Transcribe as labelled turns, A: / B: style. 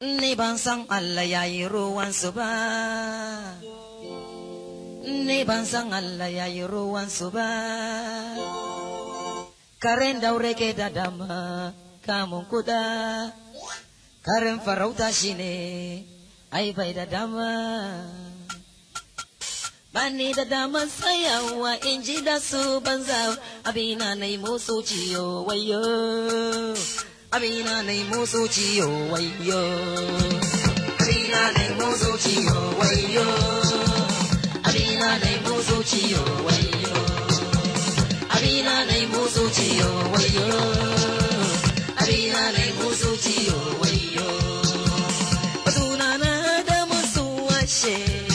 A: Ni ban san Allah ya yi ruwansu ba, ni ban san Allah ya yi ruwansu ba, karen daure ke da dama kamun kuda, karen farauta shi ne, ai bai da dama. Bani da damar tsayawa in ji da su banza, abina na yi musu ciyo wayo. Amina na yi motso ciyo wayo.
B: Amina na yi motso ciyo wayo. Amina na yi motso ciyo wayo. Amina na yi motso ciyo wayo. Amina na yi motso ciyo wayo.
C: Batuna na da musu washe.